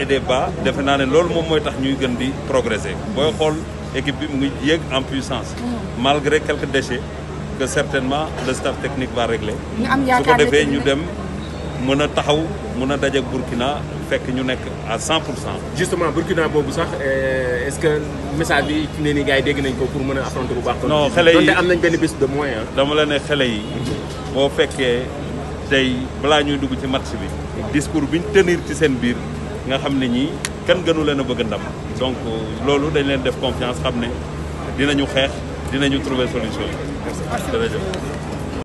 et des bas na né ne loolu moy tax ñuy gën di progresser boy xol équipe bi mu ngi yegg en puissance mm. malgré quelques déchets que certainement le staff technique va régler su ko defee ñu dem mën a taxaw mën a daje Burkina fekk ñu nekk à 100 pour cent justement Burkina boobu sax euh, est-ce que message bi fi ne nii gars yi dégg nañ ko pour mën a affronter bu baax non xale yi am nañ benn bés de moyen hein. dama la ne xale yi boo fekkee tey balaa ñuy dugg ci match bi discours biñ tenir ci seen biir nga xam ne kan gënu leen a bëgg ndam donc loolu dañ leen def confiance xam ne dinañu xeex dinañu trouver solution